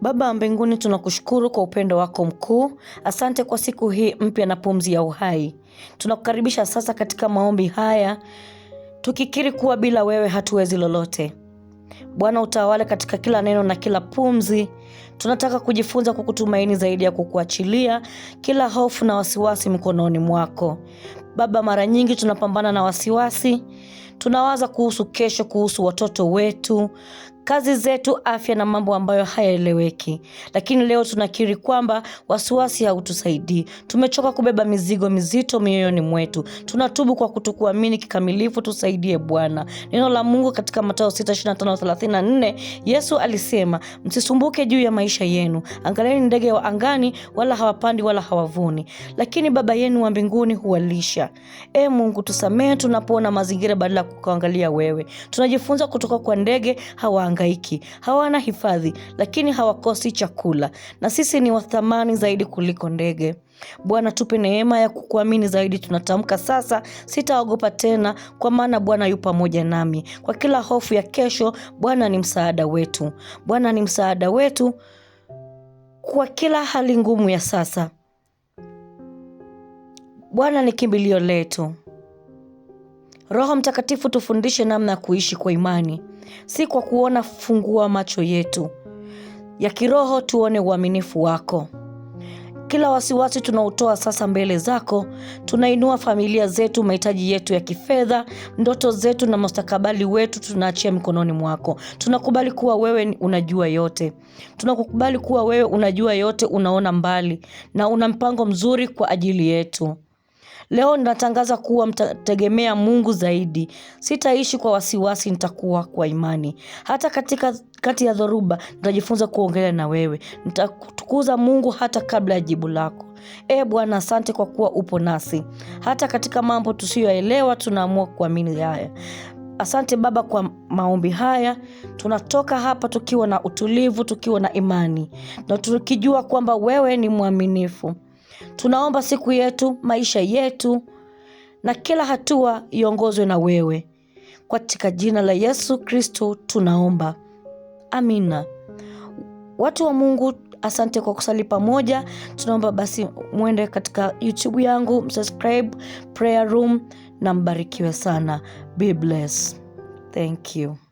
Baba wa mbinguni, tunakushukuru kwa upendo wako mkuu. Asante kwa siku hii mpya na pumzi ya uhai. Tunakukaribisha sasa katika maombi haya, tukikiri kuwa bila wewe hatuwezi lolote. Bwana, utawale katika kila neno na kila pumzi. Tunataka kujifunza kwa kutumaini zaidi ya kukuachilia kila hofu na wasiwasi mkononi mwako. Baba, mara nyingi tunapambana na wasiwasi, tunawaza kuhusu kesho, kuhusu watoto wetu, kazi zetu, afya na mambo ambayo hayaeleweki. Lakini leo tunakiri kwamba wasiwasi hautusaidii. Tumechoka kubeba mizigo mizito mioyoni mwetu. Tunatubu kwa kutokuamini kikamilifu. Tusaidie Bwana. Neno la Mungu katika Mathayo 6:25-34 Yesu alisema, msisumbuke juu ya maisha yenu, angalieni ndege wa angani, wala hawapandi wala hawavuni, lakini Baba yenu wa mbinguni huwalisha. E Mungu, tusamehe tunapoona mazingira badala ya kukuangalia wewe. Tunajifunza kutoka kwa ndege hawa hawahangaiki, hawana hifadhi, lakini hawakosi chakula, na sisi ni wathamani zaidi kuliko ndege. Bwana, tupe neema ya kukuamini zaidi. Tunatamka sasa, sitaogopa tena, kwa maana Bwana yu pamoja nami. Kwa kila hofu ya kesho, Bwana ni msaada wetu. Bwana ni msaada wetu kwa kila hali ngumu ya sasa. Bwana ni kimbilio letu. Roho Mtakatifu, tufundishe namna ya kuishi kwa imani, si kwa kuona. Fungua macho yetu ya kiroho, tuone uaminifu wako. Kila wasiwasi tunautoa sasa mbele zako. Tunainua familia zetu, mahitaji yetu ya kifedha, ndoto zetu na mustakabali wetu, tunaachia mikononi mwako. Tunakubali kuwa wewe unajua yote, tunakukubali kuwa wewe unajua yote, unaona mbali na una mpango mzuri kwa ajili yetu. Leo ninatangaza kuwa mtategemea Mungu zaidi. Sitaishi kwa wasiwasi, nitakuwa kwa imani. Hata katika kati ya dhoruba nitajifunza kuongelea na wewe. Nitakutukuza Mungu hata kabla ya jibu lako. E Bwana, asante kwa kuwa upo nasi hata katika mambo tusiyoelewa. Tunaamua kuamini haya. Asante Baba kwa maombi haya. Tunatoka hapa tukiwa na utulivu, tukiwa na imani na tukijua kwamba wewe ni mwaminifu. Tunaomba siku yetu, maisha yetu na kila hatua iongozwe na wewe. Katika jina la Yesu Kristo tunaomba, amina. Watu wa Mungu, asante kwa kusali pamoja. Tunaomba basi mwende katika YouTube yangu, msubscribe prayer room, na mbarikiwe sana. Be blessed. Thank you.